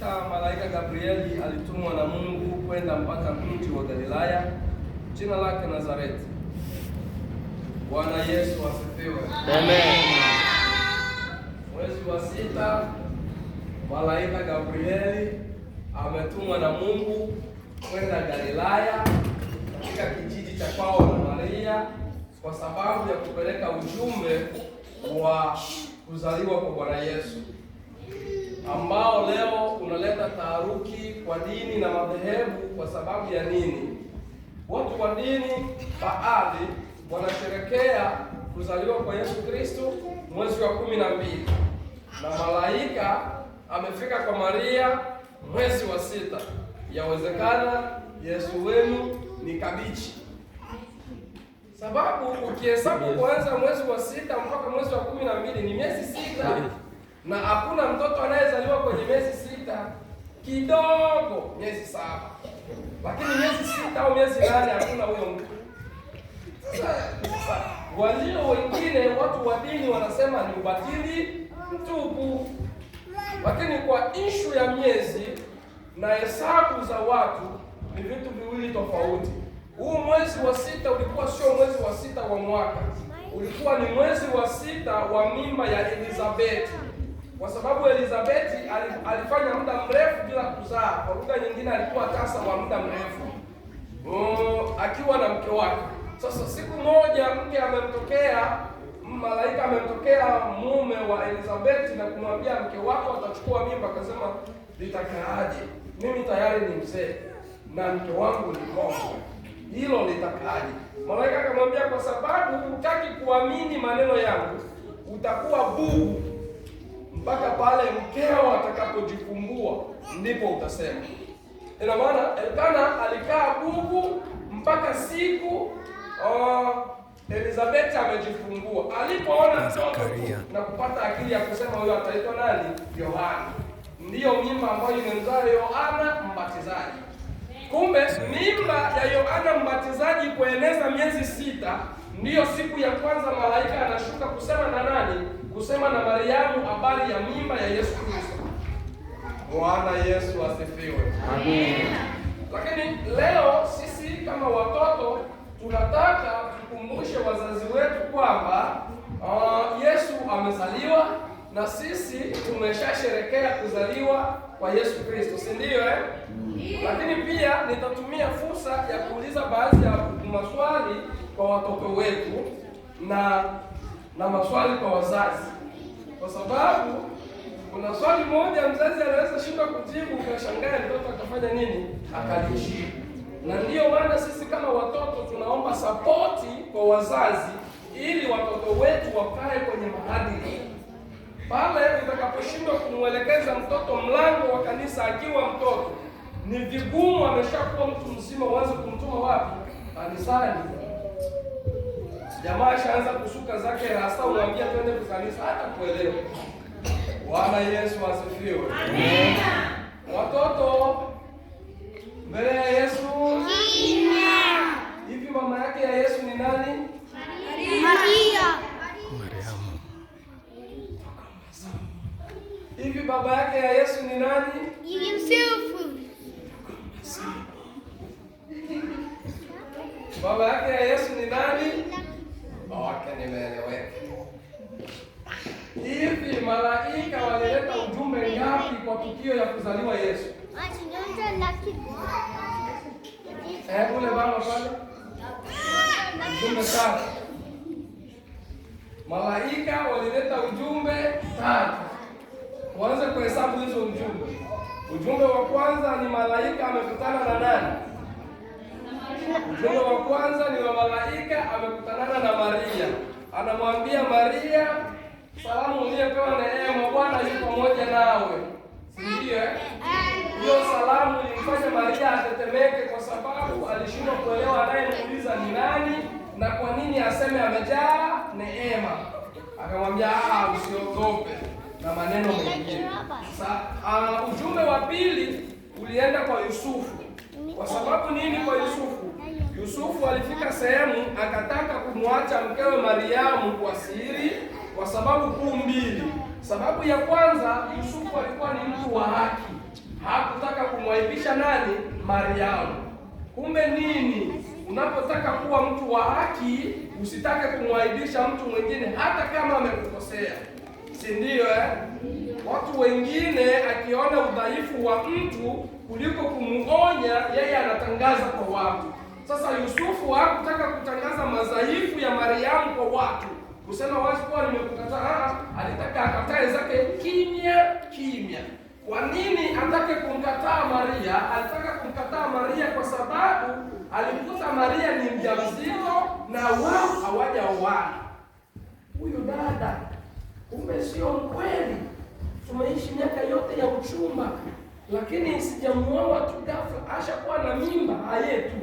Sita, malaika Gabrieli alitumwa na Mungu kwenda mpaka mji wa Galilaya, jina lake Nazareti. Bwana Yesu asifiwe. Amen. Mwezi wa sita, malaika Gabrieli ametumwa na Mungu kwenda Galilaya katika kijiji cha kwao na Maria kwa sababu ya kupeleka ujumbe wa kuzaliwa kwa Bwana Yesu ambao leo unaleta taharuki kwa dini na madhehebu. Kwa sababu ya nini? Watu wa dini baadhi wanasherekea kuzaliwa kwa Yesu Kristo mwezi wa kumi na mbili na malaika amefika kwa Maria mwezi wa sita. Yawezekana Yesu wenu ni kabichi, sababu ukihesabu kuanza mwezi wa sita mpaka mwezi wa kumi na mbili ni miezi sita, na hakuna mtoto anaye miezi sita kidogo miezi saba, lakini miezi sita au miezi nane hakuna huyo mtu. walio wengine watu wa dini wanasema ni ubatili mtupu, lakini kwa ishu ya miezi na hesabu za watu ni vitu viwili tofauti. Huu mwezi wa sita ulikuwa sio mwezi wa sita wa mwaka, ulikuwa ni mwezi wa sita wa mimba ya Elizabeti kwa sababu Elizabeti alifanya muda mrefu bila kuzaa. Kwa lugha nyingine, alikuwa tasa wa muda mrefu uh, akiwa na mke wake. Sasa siku moja mke amemtokea malaika, amemtokea mume wa Elizabeti na kumwambia, mke wako atachukua mimba. Akasema, litakaaje? Mimi tayari ni mzee na mke wangu ni mkongwe, hilo litakaaje? Malaika akamwambia, kwa sababu hutaki kuamini maneno yangu, utakuwa bubu mpaka pale mkeo atakapojifungua, ndipo utasema. Ina maana Elkana alikaa bubu mpaka siku uh, Elizabeth amejifungua. Alipoona mtoto na kupata akili ya kusema huyo ataitwa nani? Yohana. Ndiyo mimba ambayo imemzaa Yohana Mbatizaji. Kumbe mimba ya Yohana Mbatizaji kueneza miezi sita, ndiyo siku ya kwanza malaika anashuka kusema na nani? kusema na Mariamu habari ya mimba ya Yesu Kristo. Bwana Yesu asifiwe. Amen. Lakini leo sisi kama watoto tunataka tukumbushe wazazi wetu kwamba uh, Yesu amezaliwa na sisi tumeshasherekea kuzaliwa kwa Yesu Kristo, si ndio eh? Lakini pia nitatumia fursa ya kuuliza baadhi ya maswali kwa watoto wetu na na maswali kwa wazazi, kwa sababu kuna swali moja mzazi anaweza shindwa kujibu, ukashangaa mtoto akafanya nini, akalijibu. Na ndiyo maana sisi kama watoto tunaomba sapoti kwa wazazi, ili watoto wetu wakae kwenye maadili. Pale utakaposhindwa kumwelekeza mtoto mlango wa kanisa akiwa mtoto, ni vigumu ameshakuwa mtu mzima, uanze kumtuma wapi? Kanisani jamaa shaanza kusuka zake rasta, unaambia twende kukanisa, hata kuelewa. Bwana Yesu asifiwe. Amen. Watoto mbele ya Yesu. Hivi mama yake ya Yesu ni nani? Hivi malaika walileta ujumbe ngapi kwa tukio ya kuzaliwa Yesu? Eh, ule pale. Ujumbe tatu. Malaika walileta ujumbe tatu. Tuanze kuhesabu hizo ujumbe. Ujumbe wa kwanza ni malaika amekutana na nani? Ujumbe wa kwanza ni wa malaika amekutanana na Maria anamwambia Maria, salamu uliyepewa neema, Bwana yu pamoja nawe, si ndiyo? Eh? Hiyo salamu ilimfanya Maria atetemeke, kwa sababu alishindwa kuelewa anayemuuliza ni nani na kwa nini aseme amejaa neema. Akamwambia, ah, usiogope na maneno mengine. Sa, uh, ujumbe wa pili ulienda kwa Yusufu. Kwa sababu nini kwa Yusufu? Yusufu alifika sehemu akataka kumwacha mkewe Mariamu kwa siri kwa sababu kuu mbili. Sababu ya kwanza, Yusufu alikuwa ni mtu wa haki, hakutaka kumwaibisha nani? Mariamu. Kumbe nini? Unapotaka kuwa mtu wa haki, usitake kumwaibisha mtu mwingine hata kama amekukosea, si ndio eh? Watu wengine akiona udhaifu wa mtu kuliko kumuonya, yeye anatangaza kwa watu sasa Yusufu hakutaka kutangaza madhaifu ya Mariamu kwa watu, kusema wazi kuwa nimekukataa. Ah, ah, alitaka akatae zake kimya kimya. Kwa nini atake kumkataa Maria? Alitaka kumkataa Maria kwa sababu alimkuta Maria ni mjamzito na wao hawajaoana. Huyu dada kumbe sio mkweli. Tumeishi miaka yote ya uchumba, lakini sijamuoa tu ghafla, ashakuwa na mimba ayetu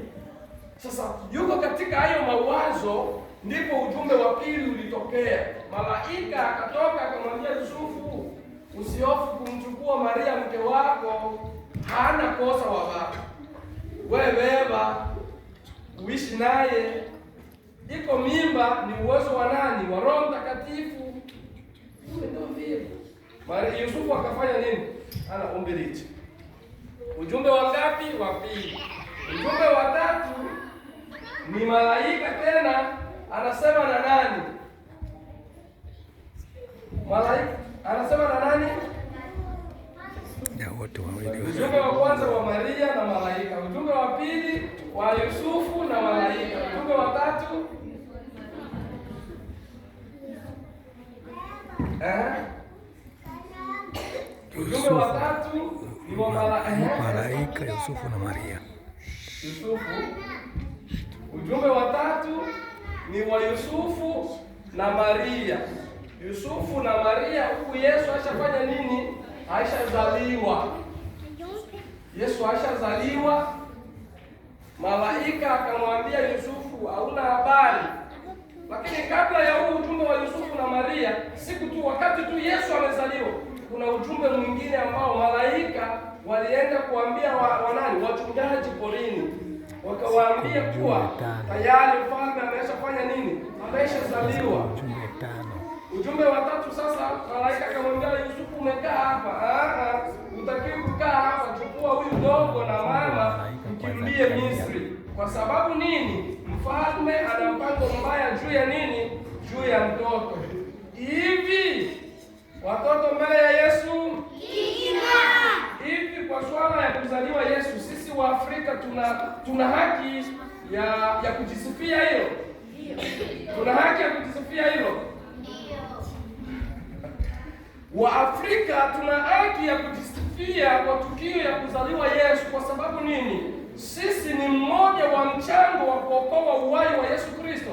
sasa yuko katika hayo mawazo, ndipo ujumbe wa pili ulitokea. Malaika akatoka akamwambia Yusufu, usihofu kumchukua Maria mke wako, hana kosa baba, Wewe beba uishi naye, iko mimba ni uwezo wa nani? Wa Roho Mtakatifu. Maria Yusufu akafanya nini? Ana ombi lichi. Ujumbe wa ngapi? Wa pili. Ujumbe wa tatu ni malaika tena anasema na nani? Malaika anasema na nani? Ujumbe wa kwanza wa Maria na malaika, ujumbe wa pili wa Yusufu na malaika, ujumbe wa tatu eh? Ujumbe wa tatu ni wa malaika, Yusufu na Maria, Yusufu Mjumbe wa tatu ni wa Yusufu na Maria. Yusufu na Maria, huku Yesu ashafanya nini? Aishazaliwa. Yesu ashazaliwa, malaika akamwambia Yusufu, hauna habari. Lakini kabla ya huu ujumbe wa Yusufu na Maria, siku tu wakati tu Yesu amezaliwa, kuna ujumbe mwingine ambao malaika walienda kuambia wa, wanani wachungaji porini wakawaambia kuwa tayari mfalme ameshafanya nini? Ameshazaliwa. Ujumbe wa tatu sasa, malaika akamwambia Yusufu, umekaa hapa, utakiwi kukaa hapa, chukua huyu mdogo na mama, mkimbie Misri. Kwa sababu nini? Mfalme ana mpango mbaya juu ya nini? Juu ya mtoto. Hivi watoto mbele ya Yesu, hivi kwa swala ya kuzaliwa Yesu wa Afrika tuna tuna haki ya ya kujisifia hiyo, tuna haki ya kujisifia hilo. Waafrika tuna haki ya kujisifia kwa tukio ya kuzaliwa Yesu. Kwa sababu nini? Sisi ni mmoja wa mchango wa kuokoa uhai wa Yesu Kristo,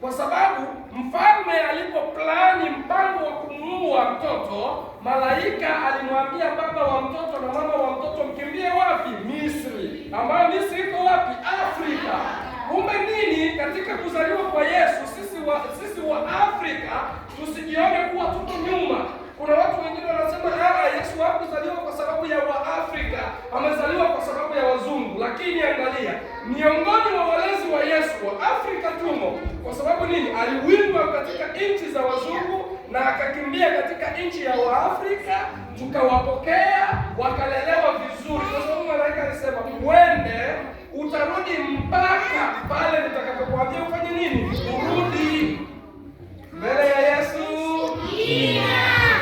kwa sababu mfalme alipoplani mpango wa kumuua mtoto, malaika alimwambia baba wa mtoto na mama wa mtoto, mkimbie wapi? Misri ambayo ni siko wapi? Afrika. Kumbe nini, katika kuzaliwa kwa Yesu sisi wa, sisi wa Afrika tusijione kuwa tuko nyuma. Kuna watu wengine uende, utarudi mpaka pale nitakapokuambia ufanye nini. Urudi mbele ya Yesu.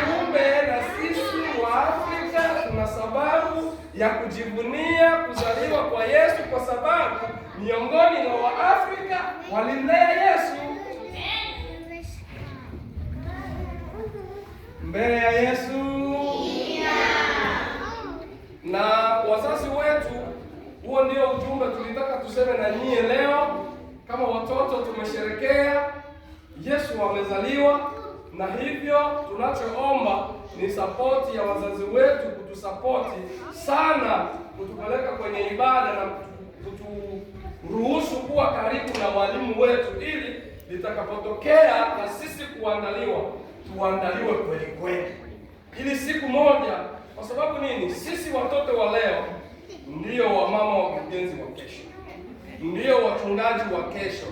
Kumbe na sisi wa Afrika tuna sababu ya kujivunia kuzaliwa kwa Yesu, kwa sababu miongoni mwa Waafrika walimlea Yesu. Mbele ya Yesu ujumbe tulitaka tuseme na nyie leo. Kama watoto tumesherekea Yesu amezaliwa, na hivyo tunachoomba ni sapoti ya wazazi wetu kutusapoti sana, kutupeleka kwenye ibada na kuturuhusu kuwa karibu na walimu wetu, ili litakapotokea na sisi kuandaliwa, tuandaliwe kweli kweli, ili siku moja. Kwa sababu nini? Sisi watoto wa leo ndio wachungaji wa kesho,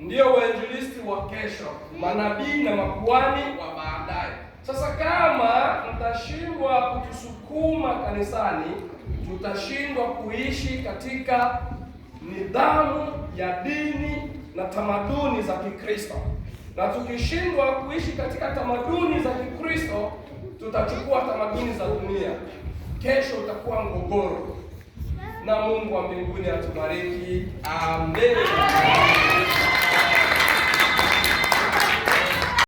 ndio wainjilisti wa kesho, manabii na makuani wa baadaye. Sasa kama mtashindwa kutusukuma kanisani, tutashindwa kuishi katika nidhamu ya dini na tamaduni za Kikristo, na tukishindwa kuishi katika tamaduni za Kikristo tutachukua tamaduni za dunia. Kesho utakuwa mgogoro na Mungu wa mbinguni atubariki. Amen.